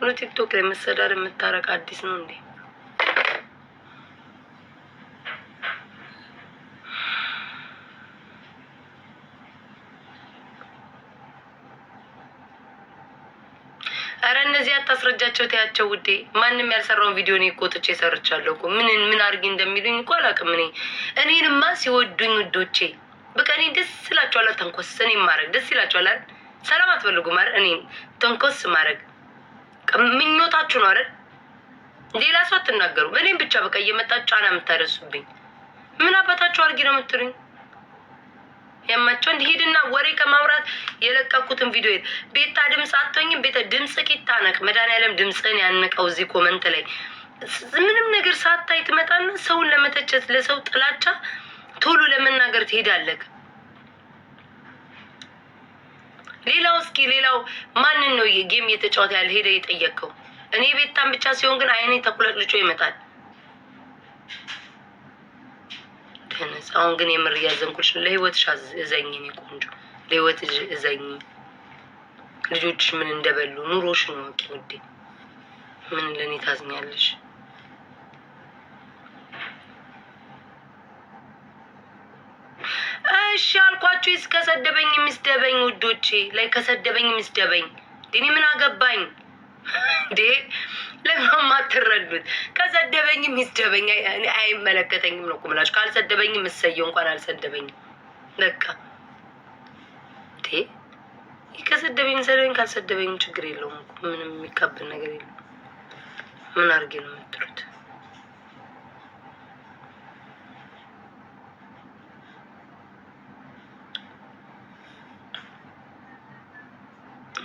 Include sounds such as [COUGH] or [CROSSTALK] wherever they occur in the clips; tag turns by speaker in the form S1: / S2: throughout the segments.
S1: ሁሉ ቲክቶክ ላይ መሰዳድ የምታረቅ አዲስ ነው እንዴ? አረ እነዚህ አታስረጃቸው ተያቸው ውዴ። ማንም ያልሰራውን ቪዲዮ እኔ እኮ ጥቼ ሰርቻለሁ እኮ ምን ምን አድርጊ እንደሚሉኝ እኮ አላውቅም። እኔ እኔንማ ሲወዱኝ ውዶቼ በቃ እኔ ደስ ይላቸዋል። ተንኮስ እኔ ማድረግ ደስ ይላቸዋል። ሰላም አትፈልጉ ማድረግ እኔ ተንኮስ ማድረግ ምኞታችሁ ነው አይደል? ሌላ ሰው አትናገሩ። እኔም ብቻ በቃ እየመጣ ጫና የምታደርሱብኝ ምን አባታችሁ አድርጊ ነው የምትሉኝ? ያማቸው እንዲሄድና ወሬ ከማውራት የለቀኩትን ቪዲዮ ሄድ ቤታ ድምፅ አትሆኝም። ቤተ ድምፅ ኪታነቅ መድኃኒዓለም ድምፅን ያንቀው። እዚህ ኮመንት ላይ ምንም ነገር ሳታይ ትመጣና ሰውን ለመተቸት ለሰው ጥላቻ ቶሎ ለመናገር ትሄዳለህ። ሌላው እስኪ ሌላው ማንን ነው ጌም እየተጫወተ ያለ ሄደ የጠየቅከው? እኔ ቤታም ብቻ ሲሆን ግን አይኔ ተኩለጥ ይመጣል። ደነስ አሁን ግን የምር እያዘንኩልሽ፣ ለህይወትሽ እዘኝ፣ እኔ ቆንጆ ለህይወት እዘኝ። ልጆች ምን እንደበሉ ኑሮሽን ወቂ ውዴ። ምን ለእኔ ታዝኛለሽ? እሺ አልኳችሁ። ከሰደበኝ የሚስደበኝ ውዶቼ ላይ ከሰደበኝ የሚስደበኝ እኔ ምን አገባኝ እንዴ? ለምን ከሰደበኝ የሚስደበኝ አይመለከተኝም ነው እኮ ካልሰደበኝ የምሰየው እንኳን አልሰደበኝም። በቃ እንዴ ከሰደበኝ ሰደበኝ፣ ካልሰደበኝም ችግር የለውም። ምንም የሚካብድ ነገር የለም። ምን አድርጌ ነው የምትሉት?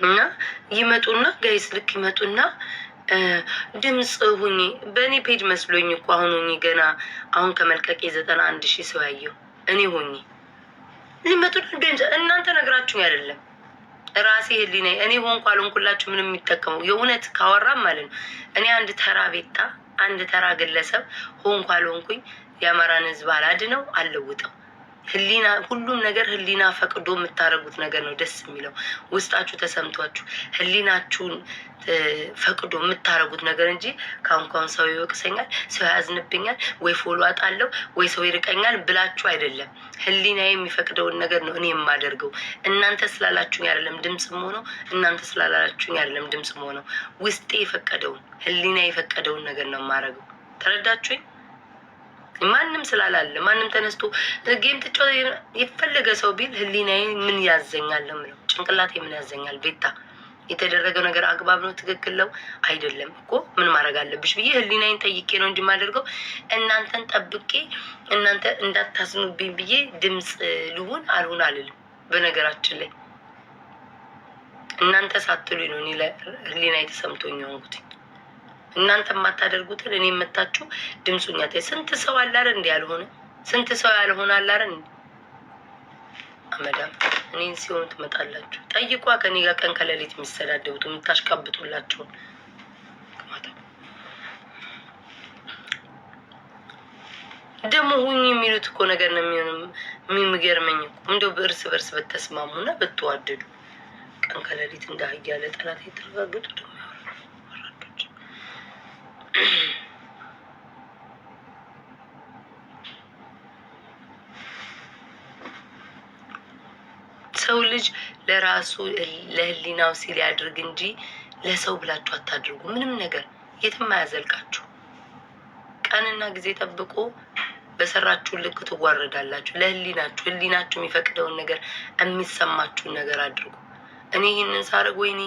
S1: እና ይመጡና ጋይስ ልክ ይመጡና ድምፅ ሁኝ በእኔ ፔጅ መስሎኝ እኮ አሁን ሁኝ ገና አሁን ከመልቀቄ ዘጠና አንድ ሺህ ሰው ያየው እኔ ሁኝ ሊመጡ ድምፅ እናንተ ነግራችሁ አይደለም ራሴ ህሊና እኔ ሆንኩ አልሆንኩላችሁ ምንም የሚጠቀመው የእውነት ካወራም ማለት ነው። እኔ አንድ ተራ ቤታ አንድ ተራ ግለሰብ ሆንኩ አልሆንኩኝ የአማራን ህዝብ አላድነው አልለውጠው ህሊና ሁሉም ነገር ህሊና ፈቅዶ የምታደርጉት ነገር ነው ደስ የሚለው ውስጣችሁ ተሰምቷችሁ ህሊናችሁን ፈቅዶ የምታደርጉት ነገር እንጂ ካሁን ካሁን ሰው ይወቅሰኛል፣ ሰው ያዝንብኛል፣ ወይ ፎሎ አጣለው፣ ወይ ሰው ይርቀኛል ብላችሁ አይደለም። ህሊና የሚፈቅደውን ነገር ነው እኔ የማደርገው። እናንተ ስላላችሁኝ አይደለም ድምፅ መሆነው፣ እናንተ ስላላላችሁኝ አይደለም ድምፅ መሆነው። ውስጤ የፈቀደውን ህሊና የፈቀደውን ነገር ነው የማደርገው። ተረዳችሁኝ? ማንም ስላላለ ማንም ተነስቶ ጌም ትጫ የፈለገ ሰው ቢል ህሊናዬ ምን ያዘኛል ምለው ጭንቅላቴ ምን ያዘኛል ቤታ የተደረገው ነገር አግባብ ነው ትክክል ነው አይደለም እኮ ምን ማድረግ አለብሽ ብዬ ህሊናዬን ጠይቄ ነው እንጂ የማደርገው እናንተን ጠብቄ እናንተ እንዳታስኑብኝ ብዬ ድምፅ ልሁን አልሁን አልልም በነገራችን ላይ እናንተ ሳትሉኝ ነው ህሊናዬ ተሰምቶኝ የሆንኩትኝ እናንተ የማታደርጉትን እኔ የምታችሁ ድምፁኛት። ስንት ሰው አላረ እንዲ ያልሆነ ስንት ሰው ያልሆነ አላረ እንዲ አመዳም እኔን ሲሆኑ ትመጣላችሁ። ጠይቋ ከኔ ጋር ቀን ከሌሊት የሚሰዳደቡት የምታሽቃብጡላቸውን ደግሞ ሁኝ የሚሉት እኮ ነገር ነው የሚገርመኝ። እንደው በእርስ በርስ በተስማሙና በተዋደዱ ቀን ከሌሊት እንደ አህያ ለጠላት የተረጋገጡ ሰው ልጅ ለራሱ ለህሊናው ሲል ያድርግ እንጂ ለሰው ብላችሁ አታድርጉ። ምንም ነገር የትም አያዘልቃችሁ። ቀንና ጊዜ ጠብቆ በሰራችሁ ልክ ትዋረዳላችሁ። ለህሊናችሁ ህሊናችሁ የሚፈቅደውን ነገር የሚሰማችሁን ነገር አድርጉ። እኔ ይህንን ሳረግ ወይኔ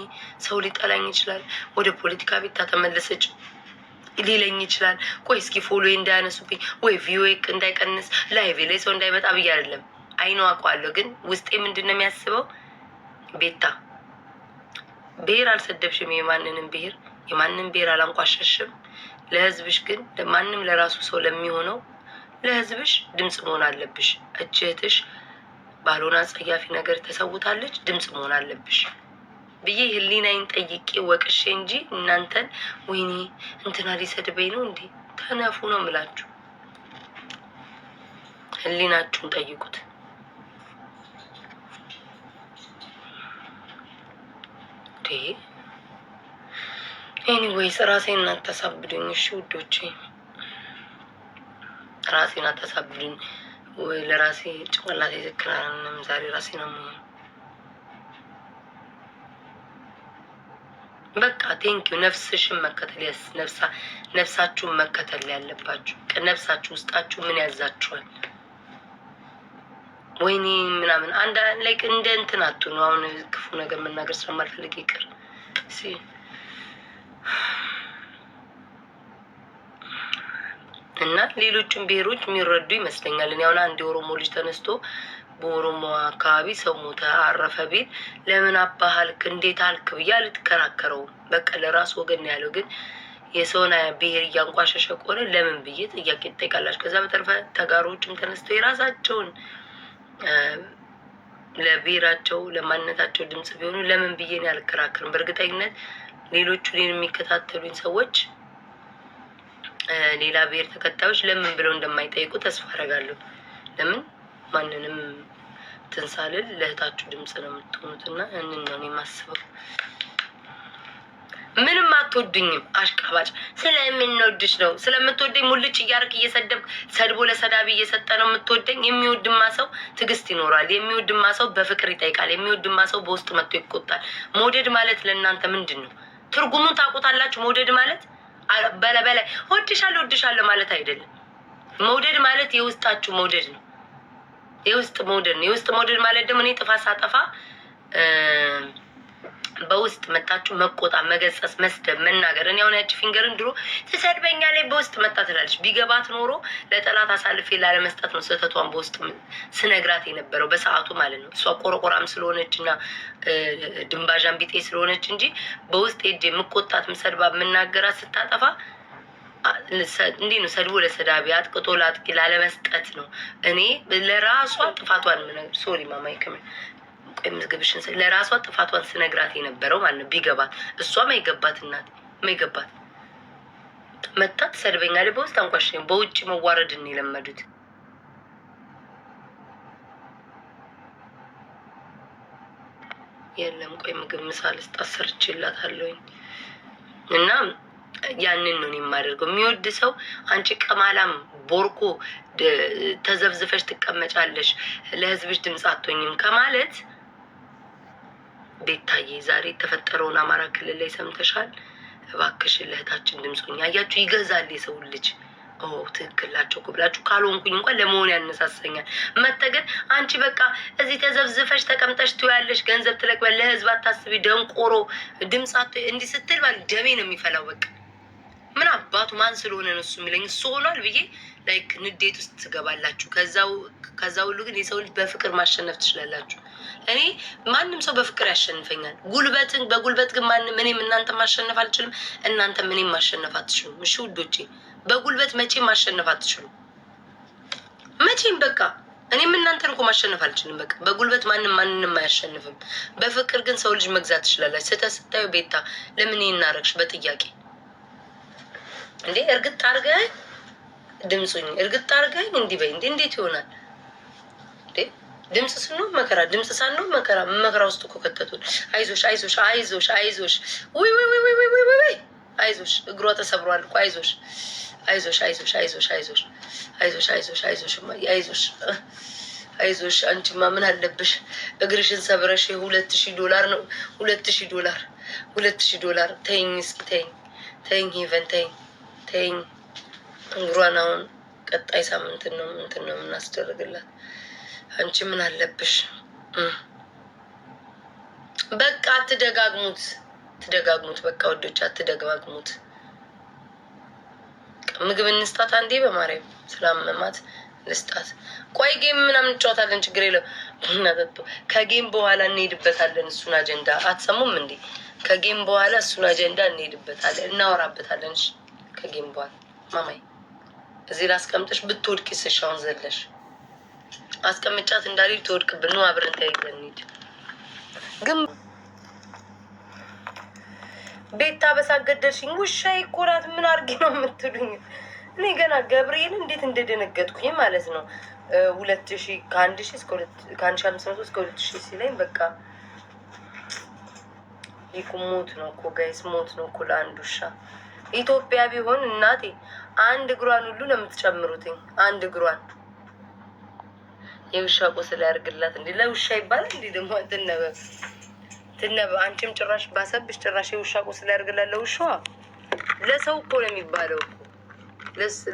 S1: ሰው ሊጠላኝ ይችላል፣ ወደ ፖለቲካ ቤት ተመለሰች ሊለኝ ይችላል። ቆይ እስኪ ፎሎ እንዳያነሱብኝ ወይ ቪዮ እንዳይቀንስ ላይቭ ላይ ሰው እንዳይመጣ ብዬ አይደለም። አይኖ አውቀዋለሁ፣ ግን ውስጤ ምንድን ነው የሚያስበው? ቤታ ብሔር አልሰደብሽም፣ የማንንም ብሔር የማንም ብሔር አላንቋሸሽም። ለህዝብሽ ግን ለማንም ለራሱ ሰው ለሚሆነው ለህዝብሽ ድምፅ መሆን አለብሽ። እጅህትሽ ባልሆነ አጸያፊ ነገር ተሰውታለች፣ ድምፅ መሆን አለብሽ። ብዬ ህሊናዬን ጠይቄ ወቅሼ እንጂ እናንተን ወይኔ እንትና ሊሰድበኝ ነው እንዴ ተነፉ ነው ምላችሁ። ህሊናችሁን ጠይቁት። ኤኒዌይስ ራሴን አታሳብዱኝ። እሺ ውዶቼ ራሴን አታሳብዱኝ። ወይ ለራሴ ጭንቅላቴ ዝክራንም ዛሬ ራሴን አሞኛል። በቃ ቴንኪዩ። ነፍስሽን መከተል ነፍሳ ነፍሳችሁን መከተል ያለባችሁ ነፍሳችሁ ውስጣችሁ ምን ያዛችኋል? ወይኔ ምናምን አንድ ላይ እንደ እንትን አትሆኑ። አሁን ክፉ ነገር መናገር ስለማልፈልግ ይቅር እና ሌሎችን ብሔሮች የሚረዱ ይመስለኛል። እኔ አሁን አንድ የኦሮሞ ልጅ ተነስቶ በኦሮሞ አካባቢ ሰው ሞተ አረፈ ቤት ለምን አባህልክ እንዴት አልክ ብዬ አልተከራከረውም። በቃ ለራሱ ወገን ያለው ግን የሰውን ብሄር እያንቋሸሸ ከሆነ ለምን ብዬ ጥያቄ ትጠይቃላችሁ። ከዛ በተረፈ ተጋሮዎችም ተነስተው የራሳቸውን ለብሔራቸው ለማንነታቸው ድምፅ ቢሆኑ ለምን ብዬ ነው አልከራከርም። በእርግጠኝነት ሌሎቹ እኔን የሚከታተሉኝ ሰዎች ሌላ ብሔር ተከታዮች ለምን ብለው እንደማይጠይቁ ተስፋ አደርጋለሁ። ለምን ማንንም ትንሳልል ለእህታችሁ ድምፅ ነው የምትሆኑት እና እንን ነው የማስበው። ምንም አትወዱኝም፣ አሽቃባጭ ስለምንወድሽ ነው ስለምትወደኝ ሙልጭ እያደረክ እየሰደብ ሰድቦ ለሰዳቢ እየሰጠ ነው የምትወደኝ። የሚወድማ ሰው ትዕግስት ይኖራል። የሚወድማ ሰው በፍቅር ይጠይቃል። የሚወድማ ሰው በውስጥ መጥቶ ይቆጣል። መውደድ ማለት ለእናንተ ምንድን ነው? ትርጉሙን ታውቁታላችሁ። መውደድ ማለት በለበላይ ወድሻለሁ ወድሻለሁ ማለት አይደለም። መውደድ ማለት የውስጣችሁ መውደድ ነው። የውስጥ ሞድን የውስጥ ሞድን ማለት ደግሞ እኔ ጥፋት ሳጠፋ በውስጥ መታችሁ መቆጣ፣ መገሰጽ፣ መስደብ፣ መናገር። እኔ አሁን ያጭ ፊንገርን ድሮ ትሰድበኛ ላይ በውስጥ መጣ ትላለች። ቢገባት ኖሮ ለጠላት አሳልፌ ላለመስጠት ነው ስህተቷን በውስጥ ስነግራት የነበረው በሰዓቱ ማለት ነው። እሷ ቆረቆራም ስለሆነች እና ድንባዣን ቢጤ ስለሆነች እንጂ በውስጥ ሄጄ የምቆጣት ምሰድባ የምናገራት ስታጠፋ እንዲህ ነው ሰድቦ ለሰዳቢ አጥቅቶ ለአጥቂ ላለመስጠት ነው። እኔ ለራሷ ጥፋቷን የምነግር ሶሪ ማማይ ክም ምዝግብሽን ለራሷ ጥፋቷን ስነግራት የነበረው ማለት ነው። ቢገባት እሷም አይገባት እናት ማይገባት መታ ትሰድበኛ ደ በውስጥ አንኳሽ በውጭ መዋረድን የለመዱት የለም። ቆይ ምግብ ምሳ ልስጣት ሰርችላት አለውኝ እና ያንን ነው የማደርገው። የሚወድ ሰው አንቺ ቀማላም ቦርኮ ተዘብዝፈሽ ትቀመጫለሽ፣ ለህዝብሽ ድምፅ አትሆኝም ከማለት ቤታዬ ዛሬ የተፈጠረውን አማራ ክልል ላይ ሰምተሻል። እባክሽን ለእህታችን ድምፅ ሁኚ። አያችሁ ይገዛል የሰው ልጅ ኦ ትክክላቸው እኮ ብላችሁ ካልሆንኩኝ እንኳን ለመሆን ያነሳሰኛል። መተገን አንቺ በቃ እዚህ ተዘብዝፈሽ ተቀምጠሽ ትያለሽ፣ ገንዘብ ትለቅበል፣ ለህዝብ አታስቢ፣ ደንቆሮ ድምፅ እንዲህ ስትል ደሜ ነው የሚፈላው በቃ ምን አባቱ ማን ስለሆነ ነው እሱ የሚለኝ እሱ ሆኗል ብዬ ላይክ ንዴት ውስጥ ትገባላችሁ። ከዛ ሁሉ ግን የሰው ልጅ በፍቅር ማሸነፍ ትችላላችሁ። እኔ ማንም ሰው በፍቅር ያሸንፈኛል። ጉልበትን በጉልበት ግን ማንም እኔም እናንተ ማሸነፍ አልችልም፣ እናንተ እኔም ማሸነፍ አትችሉም። እሺ ውዶቼ፣ በጉልበት መቼም ማሸነፍ አትችሉም። መቼም በቃ እኔም እናንተን እኮ ማሸነፍ አልችልም። በቃ በጉልበት ማንም ማንንም አያሸንፍም። በፍቅር ግን ሰው ልጅ መግዛት ትችላላችሁ። ስተ ስታዩ ቤታ ለምን ይናረግሽ በጥያቄ እንዴ እርግጥ አርገኝ ድምፁኝ እርግጥ አርገኝ እንዲህ በይ እንዴ እንዴት ይሆናል እንዴ ድምፅ ስኖ መከራ ድምፅ ሳኖ መከራ መከራ ውስጥ እኮ ከተቱን አይዞሽ አይዞሽ አይዞሽ አይዞሽ ውይ ውይ ውይ ውይ ውይ ውይ አይዞሽ እግሯ ተሰብሯል እኮ አይዞሽ አይዞሽ አይዞሽ አይዞሽ አይዞሽ አይዞሽ አይዞሽ አይዞሽ አይዞሽ አይዞሽ አንቺማ ምን አለብሽ እግርሽን ሰብረሽ ሁለት ሺህ ዶላር ነው ሁለት ሺህ ዶላር ሁለት ሺህ ዶላር ተይኝ እስኪ ተይኝ ተይኝ ሄቨን ተይኝ ተይኝ እንግሯን አሁን ቀጣይ ሳምንት ነው ምንትን ነው የምናስደርግላት። አንቺ ምን አለብሽ? በቃ አትደጋግሙት፣ ትደጋግሙት። በቃ ወዶች አትደጋግሙት። ምግብ እንስጣት አንዴ፣ በማርያም ስላመማት እንስጣት። ቆይ ጌም ምናምን እንጫወታለን፣ ችግር የለው። ቡና ጠጡ። ከጌም በኋላ እንሄድበታለን። እሱን አጀንዳ አትሰሙም እንዴ? ከጌም በኋላ እሱን አጀንዳ እንሄድበታለን፣ እናወራበታለን። አትፈልጊም ማማይ እዚህ ላስቀምጥሽ ብትወድቅ ይስሻውን ዘለሽ አስቀምጫት እንዳልሄድ ትወድቅብን ነው። አብረን ተያይዘን እንሂድ። ግን ቤታ በሳገደልሽኝ ውሻዬ እኮ ምን አርጊ ነው የምትሉኝ? እኔ ገና ገብርኤል እንዴት እንደደነገጥኩኝ ማለት ነው። ሁለት ሺ ከአንድ ሺ ከአንድ ሺ አምስት መቶ እስከ ሁለት ሺ ሲለኝ በቃ ይህ ሞት ነው እኮ ጋይስ፣ ሞት ነው እኮ ለአንድ ውሻ ኢትዮጵያ ቢሆን እናቴ አንድ እግሯን ሁሉ ነው የምትጨምሩትኝ። አንድ እግሯን የውሻ ቁስል ያርግላት። እንዲ ለውሻ ይባላል እንዲ ደግሞ ትነበ ትነበ። አንቺም ጭራሽ ባሰብሽ፣ ጭራሽ የውሻ ቁስል ያርግላት። ለውሻዋ ለሰው እኮ ነው የሚባለው እኮ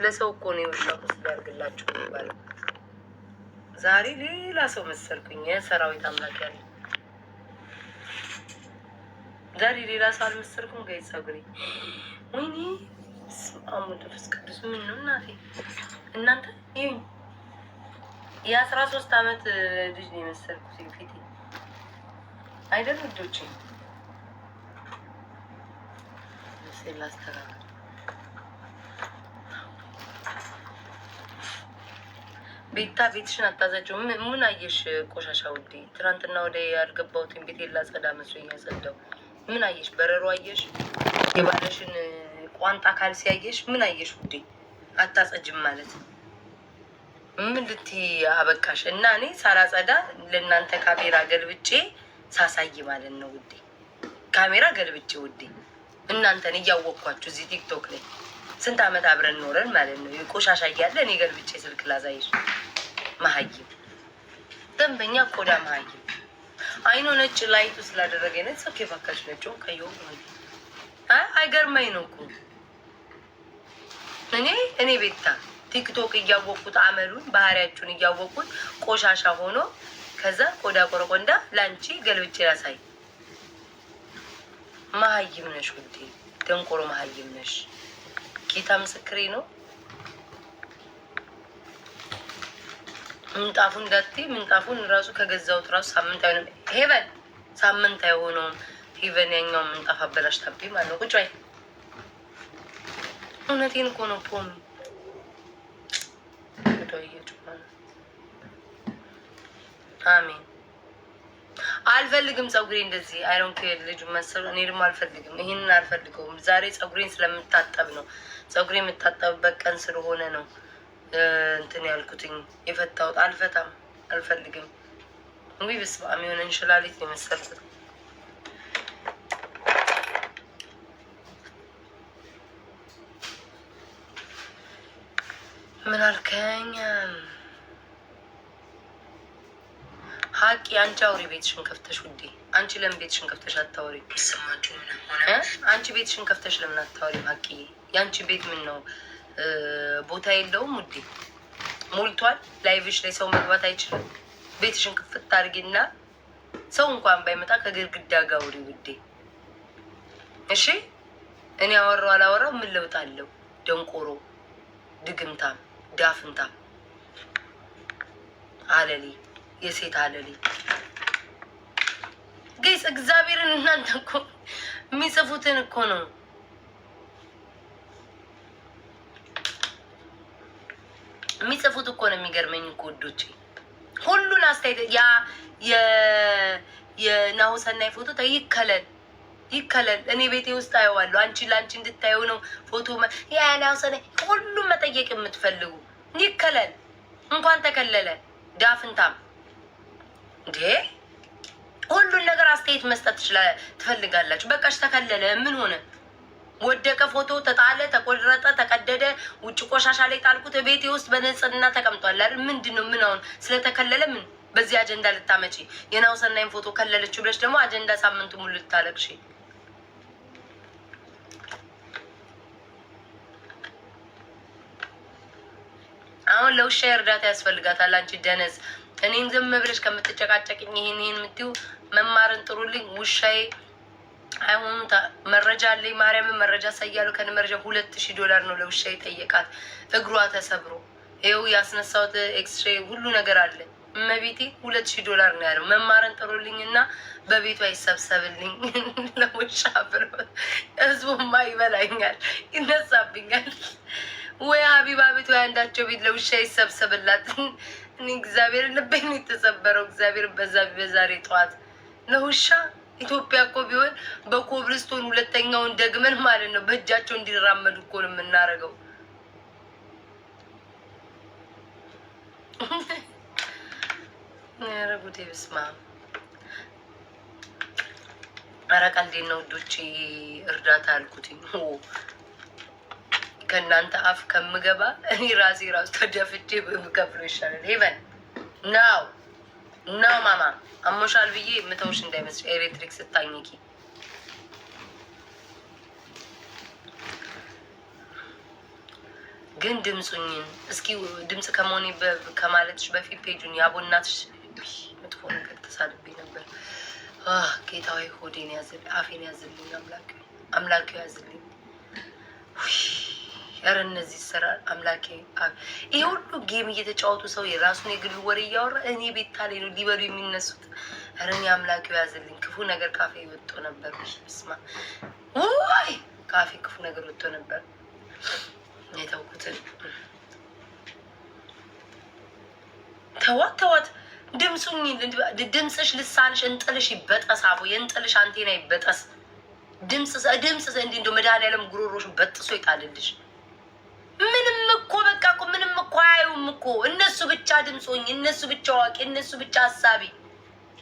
S1: ለሰው እኮ ነው የውሻ ቁስል ያርግላቸው የሚባለው። ዛሬ ሌላ ሰው መሰልኩኝ። ሰራዊት አምላክ ያለ ዛሬ ሌላ ሰው አልመሰልኩም። ጋይ ጸጉሬ ወይኔ አሙ ተፈስ ቅዱስ ምን ነው እናቴ፣ እናንተ ይሁን የአስራ ሶስት አመት ልጅ ነው የመሰልኩት ፊቴ አይደል ውዶቼ? ላስተካከል ቤታ ቤትሽን አታዘጭው። ምን አየሽ? ቆሻሻ ውዴ፣ ትናንትና ወደ ያልገባሁትን ቤት የላጸዳ መስሎኝ ያጸዳው ምን አየሽ? በረሮ አየሽ? የባለሽን ቋንጣ ካልሲ አየሽ? ምን አየሽ? ውዴ አታጸጅም ማለት ምን ልትይ አበቃሽ? እና እኔ ሳላጸዳ ለእናንተ ካሜራ ገልብጬ ሳሳይ ማለት ነው ውዴ። ካሜራ ገልብጬ ውዴ እናንተን እያወቅኳችሁ እዚህ ቲክቶክ ላይ ስንት አመት አብረን ኖረን ማለት ነው። ቆሻሻ እያለ እኔ ገልብጬ ስልክ ላሳይሽ መሀይም ደንበኛ ቆዳ መሀይም አይኖ ነጭ ላይቱ ስላደረገ ነ ሰው ባካች ነጭው ቀየው አይገርመኝ ነው እኮ እኔ እኔ ቤታ ቲክቶክ እያወቁት አመሉን ባህሪያችሁን እያወቁት ቆሻሻ ሆኖ ከዛ ቆዳ ቆረቆንዳ ላንቺ ገልብጭ ላሳይ። መሀይም ነሽ ውዴ፣ ደንቆሮ መሀይም ነሽ። ጌታ ምስክሬ ነው። ምንጣፉን እንዳት ምንጣፉን ራሱ ከገዛሁት ራሱ ሳምንት አይሆንም። ሄቨን ሳምንት አይሆነውም። ሄቨን ያኛው ምንጣፍ ታቢ ማለት ነው። ቁጭ በይ። እውነቴን እኮ ነው። ፖሚ አሜን። አልፈልግም ፀጉሬ እንደዚህ አይሮን ልጁ መሰሉ። እኔ ደግሞ አልፈልግም፣ ይህንን አልፈልገውም። ዛሬ ፀጉሬን ስለምታጠብ ነው። ፀጉሬ የምታጠብበት ቀን ስለሆነ ነው። እንትን ያልኩትኝ የፈታሁት አልፈታም፣ አልፈልግም። እንግዲህ በስመ የሆነ እንሽላሊት ነው የመሰልኩት። ምን አልከኝ? ሀቂ አንቺ አውሪ ቤትሽን ከፍተሽ ውዴ። አንቺ ለምን ቤትሽን ከፍተሽ አታውሪ? አንቺ ቤትሽን ከፍተሽ ለምን አታውሪ? ሀቂ የአንቺ ቤት ምን ነው ቦታ የለውም ውዴ፣ ሞልቷል። ላይቭሽ ላይ ሰው መግባት አይችልም። ቤትሽን ክፍት አድርጊና ሰው እንኳን ባይመጣ ከግድግዳ ጋር ውሪ ውዴ። እሺ እኔ አወራው አላወራው ምን ለውጥ አለው? ደንቆሮ፣ ድግምታም፣ ዳፍንታም፣ አለሌ፣ የሴት አለሌ ጌስ እግዚአብሔርን እናንተ እኮ የሚጽፉትን እኮ ነው የሚጽፉት እኮ ነው የሚገርመኝ እኮ ውዶቼ። ሁሉን አስተያየት ያ የናሁሰናይ ፎቶ ይከለል ይከለል። እኔ ቤቴ ውስጥ አየዋለሁ። አንቺ ለአንቺ እንድታየው ነው ፎቶ ያናሁሰናይ። ሁሉም መጠየቅ የምትፈልጉ ይከለል። እንኳን ተከለለ ዳፍንታም እንዴ ሁሉን ነገር አስተያየት መስጠት ትፈልጋላችሁ። በቃሽ ተከለለ ምን ሆነ? ወደቀ፣ ፎቶ ተጣለ፣ ተቆረጠ፣ ተቀደደ፣ ውጭ ቆሻሻ ላይ ጣልኩት፣ ቤቴ ውስጥ በንጽህና ተቀምጧል አይደል? ምንድን ነው ምን አሁን ስለተከለለ ምን በዚህ አጀንዳ ልታመጪ? የናው ሰናይን ፎቶ ከለለች ብለሽ ደግሞ አጀንዳ ሳምንቱ ሙሉ ልታለቅሽ አሁን ለውሻ እርዳታ ያስፈልጋታል። አንቺ ደነዝ፣ እኔን ዝም ብለሽ ከምትጨቃጨቅኝ ይህን ይህን የምትይው መማርን ጥሩልኝ ውሻዬ ሃይማኖት መረጃ አለኝ። ማርያምን መረጃ ሳያሉ ከነ መረጃ ሁለት ሺህ ዶላር ነው ለውሻ የጠየቃት። እግሯ ተሰብሮ ይኸው ያስነሳሁት ኤክስሬ ሁሉ ነገር አለ። እመቤቴ ሁለት ሺህ ዶላር ነው ያለው። መማረን ጥሩልኝ እና በቤቷ ይሰብሰብልኝ [LAUGHS] ለውሻ ብሎ ህዝቡማ ይበላኛል፣ ይነሳብኛል። ወይ ሀቢባ ቤት ወይ አንዳቸው ቤት ለውሻ ይሰብሰብላት። እግዚአብሔር ልቤን የተሰበረው እግዚአብሔር በዛ በዛሬ ጠዋት ለውሻ ኢትዮጵያ እኮ ቢሆን በኮብልስቶን ሁለተኛውን ደግመን ማለት ነው በእጃቸው እንዲራመዱ እኮ ነው የምናደርገው። ያረጉት ብስማ ኧረ ቀልዴን ነው ውዶች፣ እርዳታ አልኩትኝ ከእናንተ አፍ ከምገባ እኔ ራሴ ራሱ ተደፍቼ በምከፍለው ይሻላል። ሄቨን ናው ነው ማማ አሞሻል ብዬ ምተውሽ እንዳይመስልሽ። ኤሌክትሪክ ስታኝኪ ግን ድምፁኝን እስኪ ድምፅ ከመሆን ከማለትሽ በፊት ፔጁን የአቦናትሽ መጥፎ ነገር ተሳልቤ ነበር። ጌታዊ ሆዴን ያዝል፣ አፌን ያዝልኝ፣ አምላኪ አምላኪ ያዝልኝ። ኧረ እነዚህ ስራ አምላኬ፣ ይሄ ሁሉ ጌም እየተጫወቱ ሰው የራሱን የግል ወሬ እያወራ እኔ ቤታ ላይ ነው ሊበሉ የሚነሱት። ኧረ እኔ አምላኬ ክፉ ነገር ካፌ ወጥቶ ነበር። ስማ ወይ ካፌ ክፉ ነገር ወጥቶ ነበር የተውኩትን ተዋት ተዋት። ድምፅሽ፣ ልሳንሽ፣ እንጥልሽ ይበጠስ። አቦ የእንጥልሽ አንቴና ይበጠስ። ድምፅ ድምፅ መድኃኒዓለም ጉሮሮሽ በጥሶ ይጣልልሽ። ምንም እኮ በቃ እኮ ምንም እኮ አያዩም እኮ እነሱ ብቻ ድምፆኝ፣ እነሱ ብቻ አዋቂ፣ እነሱ ብቻ ሀሳቢ።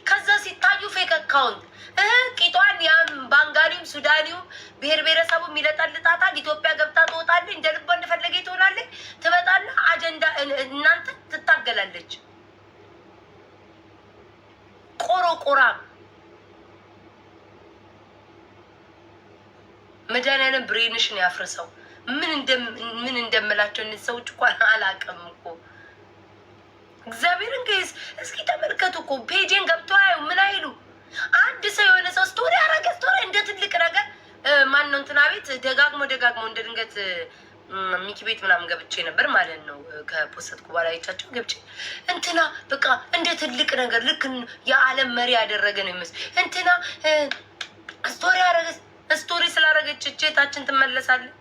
S1: ከዛ ሲታዩ ፌክ አካውንት እህ ቂጧን ያም ባንጋሊውም ሱዳኒውም ብሔር ብሔረሰቡም ይለጠልጣታል። ኢትዮጵያ ገብታ ትወጣለች፣ እንደ ልቧ እንደፈለገ ትሆናለች። ትመጣና አጀንዳ እናንተ ትታገላለች። ቆሮቆራም መድኃኒዓለም ብሬንሽን ያፍርሰው። ምን እንደምላቸው እነዚህ ሰዎች እኮ አላውቅም እኮ እግዚአብሔርን ከይስ እስኪ ተመልከቱ እኮ ፔጅን ገብቶ ያዩ ምን አይሉ አንድ ሰው የሆነ ሰው ስቶሪ አረገ ስቶሪ እንደ ትልቅ ነገር ማነው እንትና ቤት ደጋግሞ ደጋግሞ እንደ ድንገት ሚኪ ቤት ምናምን ገብቼ ነበር ማለት ነው። ከፖሰት ኩባላዎቻቸው ገብቼ እንትና በቃ እንደ ትልቅ ነገር ልክ የዓለም መሪ ያደረገ ነው ይመስል እንትና ስቶሪ አረገ ስቶሪ ስላረገች እቼታችን ትመለሳለን።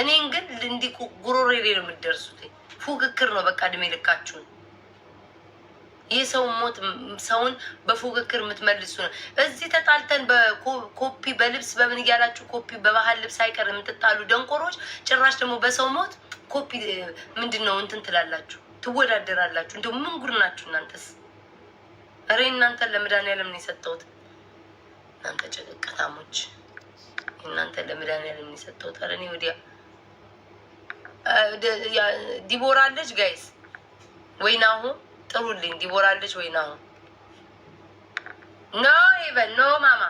S1: እኔን ግን እንዲህ ጉሮሬ ነው የምደርሱት። ፉክክር ነው በቃ እድሜ ልካችሁን። ይህ ሰው ሞት ሰውን በፉክክር የምትመልሱ ነው። እዚህ ተጣልተን በኮፒ በልብስ በምን እያላችሁ ኮፒ በባህል ልብስ አይቀር የምትጣሉ ደንቆሮች፣ ጭራሽ ደግሞ በሰው ሞት ኮፒ ምንድን ነው እንትን ትላላችሁ፣ ትወዳደራላችሁ። እንደ ምን ጉድ ናችሁ እናንተስ? እሬ እናንተን ለመድኃኒዓለም ነው የሰጠሁት። እናንተ ጨቀቀታሞች፣ እናንተን ለመድኃኒዓለም ነው የሰጠሁት። ኧረ እኔ ወዲያ ዲቦራለች ጋይስ ወይና አሁን ጥሩልኝ። ዲቦራለች ወይና አሁን ኖ ኢቨን ኖ ማማ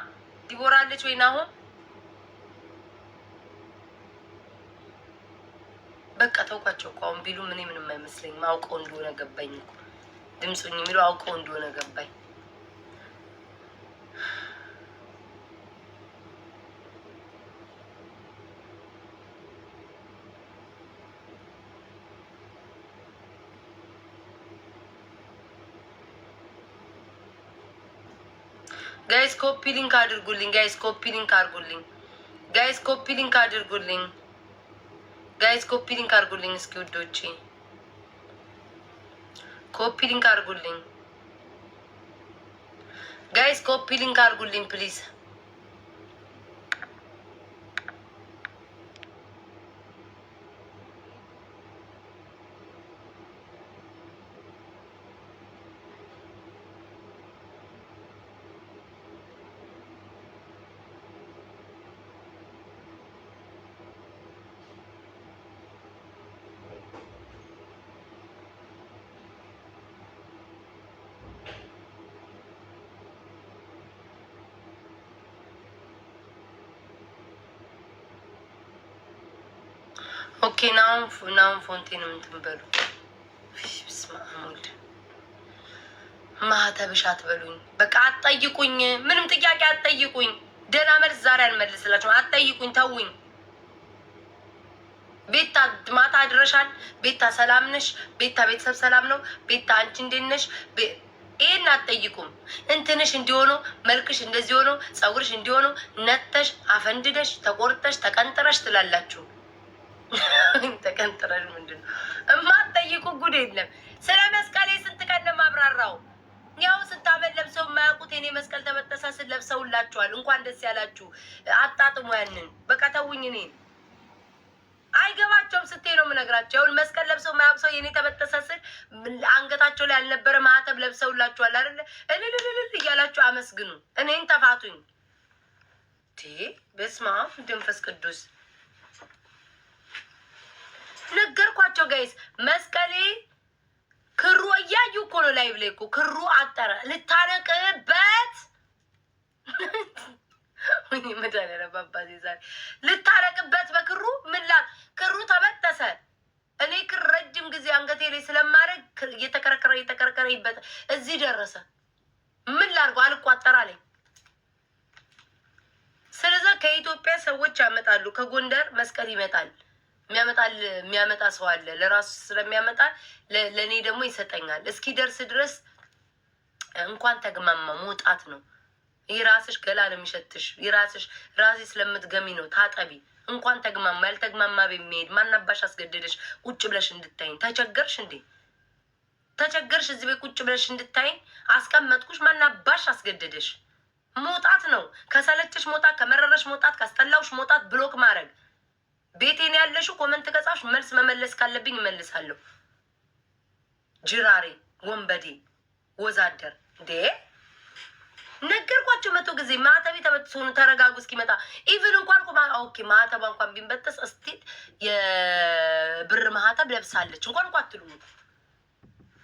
S1: ዲቦራለች ወይና አሁን በቃ ተውኳቸው እኮ አሁን ቢሉ ምን ምንም አይመስለኝም። አውቀው እንደሆነ ገባኝ እኮ ድምፁኝ የሚለው አውቀው እንደሆነ ገባኝ። ጋይስ ኮፒ ሊንክ አድርጉልኝ። ጋይስ ኮፒ ሊንክ አድርጉልኝ። ጋይስ ኮፒ ሊንክ አድርጉልኝ። ጋይስ ኮፒ ሊንክ አድርጉልኝ። እስኪ ውዶቼ ኮፒ ሊንክ አድርጉልኝ። ጋይስ ኮፒ ሊንክ አድርጉልኝ ፕሊዝ ናሁን ፎንቴን የምትንበሉ ስማ ሙድ ማህተብሽ አትበሉኝ። በቃ አትጠይቁኝ፣ ምንም ጥያቄ አትጠይቁኝ። ደህና መልስ ዛሬ አልመልስላችሁም። አትጠይቁኝ፣ ተውኝ። ቤታ ማታ አድረሻል። ቤታ ሰላም ነሽ? ቤታ ቤተሰብ ሰላም ነው? ቤታ አንቺ እንዴት ነሽ? ይህን አትጠይቁም። እንትንሽ እንዲሆኑ መልክሽ እንደዚህ ሆኖ ፀጉርሽ እንዲሆኑ ነተሽ አፈንድደሽ ተቆርጠሽ ተቀንጥረሽ ትላላችሁ። [LAUGHS] ተቀንጥረን ምንድን ነው እማትጠይቁ ጉድ የለም። ስለ መስቀሌ ስንት ቀን ለማብራራው ያው ስታመት ለብሰው የማያውቁት የኔ መስቀል ተበጠሰ ስለብሰውላችኋል። እንኳን ደስ ያላችሁ። አጣጥሙ ያንን በቃ ተውኝ። እኔን አይገባቸውም። ስቴ ነው የምነግራቸው። ያሁን መስቀል ለብሰው የማያውቁ የኔ ተበጠሰ ስል አንገታቸው ላይ ያልነበረ ማህተብ ለብሰውላችኋል አይደለ? እልልልልል እያላችሁ አመስግኑ። እኔን ተፋቱኝ። በስመ አብ መንፈስ ቅዱስ ነገርኳቸው ጋይስ። መስቀሌ ክሩ እያዩ እኮ ነው ላይቭ ላይ እኮ ክሩ አጠረ ልታረቅበት ልታረቅበት በክሩ ምላ ክሩ ተበጠሰ። እኔ ክር ረጅም ጊዜ አንገቴ ላይ ስለማድረግ እየተከረከረ እየተከረከረ ይበጠ እዚህ ደረሰ። ምን ላድርጎ አልቋጠር አለኝ። ስለዚ ከኢትዮጵያ ሰዎች ያመጣሉ፣ ከጎንደር መስቀል ይመጣል። የሚያመጣል የሚያመጣ ሰው አለ። ለራሱ ስለሚያመጣ ለእኔ ደግሞ ይሰጠኛል። እስኪ ደርስ ድረስ እንኳን ተግማማ መውጣት ነው። የራስሽ ገላ ነው የሚሸትሽ። የራስሽ ራሴ ስለምትገሚ ነው። ታጠቢ። እንኳን ተግማማ ያልተግማማ በሚሄድ ማናባሽ አስገደደሽ ቁጭ ብለሽ እንድታይኝ? ተቸገርሽ እንዴ? ተቸገርሽ እዚህ ቤት ቁጭ ብለሽ እንድታይኝ አስቀመጥኩሽ? ማናባሽ አስገደደሽ? መውጣት ነው። ከሰለችሽ መውጣት፣ ከመረረሽ መውጣት፣ ካስጠላውሽ መውጣት፣ ብሎክ ማድረግ ቤቴን ያለሽው ኮመንት ከጻፍሽ መልስ መመለስ ካለብኝ እመልሳለሁ። ጅራሬ፣ ወንበዴ፣ ወዛደር እንዴ ነገርኳቸው መቶ ጊዜ ማዕተቤ ተበጥሶ ነው። ተረጋጉ እስኪመጣ ኢቭን እንኳን ቁማ ኦኬ እንኳን ቢንበጥስ እስቲ የብር ማህተብ ለብሳለች እንኳን እንኳ አትሉ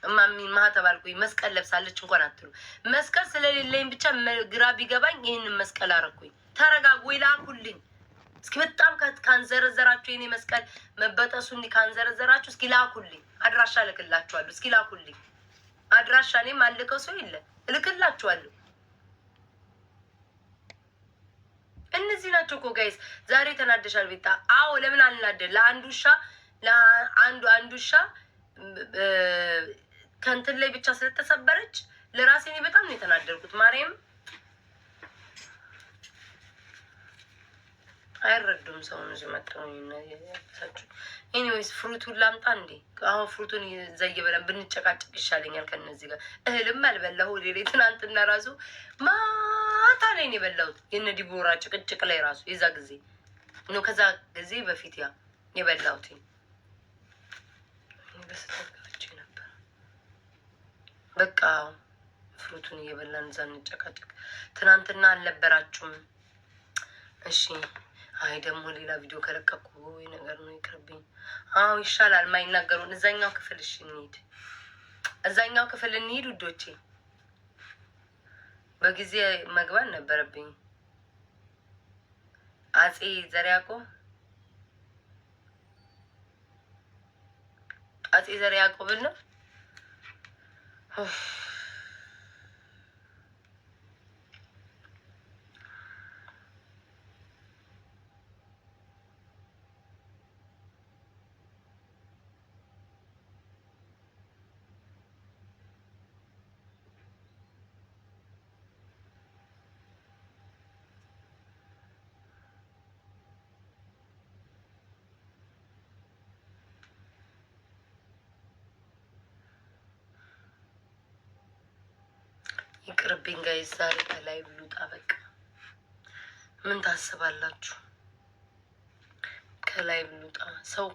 S1: እማሚ ማህተብ አልኩ መስቀል ለብሳለች እንኳን አትሉ። መስቀል ስለሌለኝ ብቻ ግራ ቢገባኝ ይህንን መስቀል አረኩኝ። ተረጋጉ ይላኩልኝ። እስኪ በጣም ካንዘረዘራችሁ የኔ መስቀል መበጠሱ እንዲህ ካንዘረዘራችሁ እስኪ ላኩልኝ። አድራሻ እልክላችኋለሁ። እስኪ ላኩልኝ አድራሻ። እኔም አልከው ሰው የለ እልክላችኋለሁ። እነዚህ ናቸው እኮ ጋይስ። ዛሬ ተናደሻል ቤታ? አዎ። ለምን አልናደድ? ለአንዱ ውሻ ለአንዱ አንዱ ውሻ ከንትን ላይ ብቻ ስለተሰበረች ለራሴ እኔ በጣም ነው የተናደርኩት ማርያም አይረዱም። ሰውን እዚህ መጠኑ ያሳችሁ። ኤኒዌይስ ፍሩቱን ላምጣ እንዴ? አሁን ፍሩቱን እዛ እየበላን ብንጨቃጨቅ ይሻለኛል ከነዚህ ጋር። እህልም አልበላሁ ሌሌ። ትናንትና ራሱ ማታ ላይ ነው የበላሁት የነ ዲቦራ ጭቅጭቅ ላይ ራሱ የዛ ጊዜ ነው ከዛ ጊዜ በፊት ያ የበላሁት በቃ ፍሩቱን እየበላን እዛ እንጨቃጨቅ። ትናንትና አልነበራችሁም? እሺ አይ ደግሞ ሌላ ቪዲዮ ከለቀኩ ወይ ነገር ነው ይቅርብኝ። አዎ ይሻላል፣ ማይናገሩን እዛኛው ክፍል እሺ፣ እንሂድ፣ እዛኛው ክፍል እንሂድ ውዶቼ። በጊዜ መግባት ነበረብኝ። አጼ ዘርያቆብ አጼ ዘርያቆብን ነው ጋይዝ ዛሬ ከላይ ብሉጣ በቃ ምን ታስባላችሁ? ከላይ ብሉጣ ሰው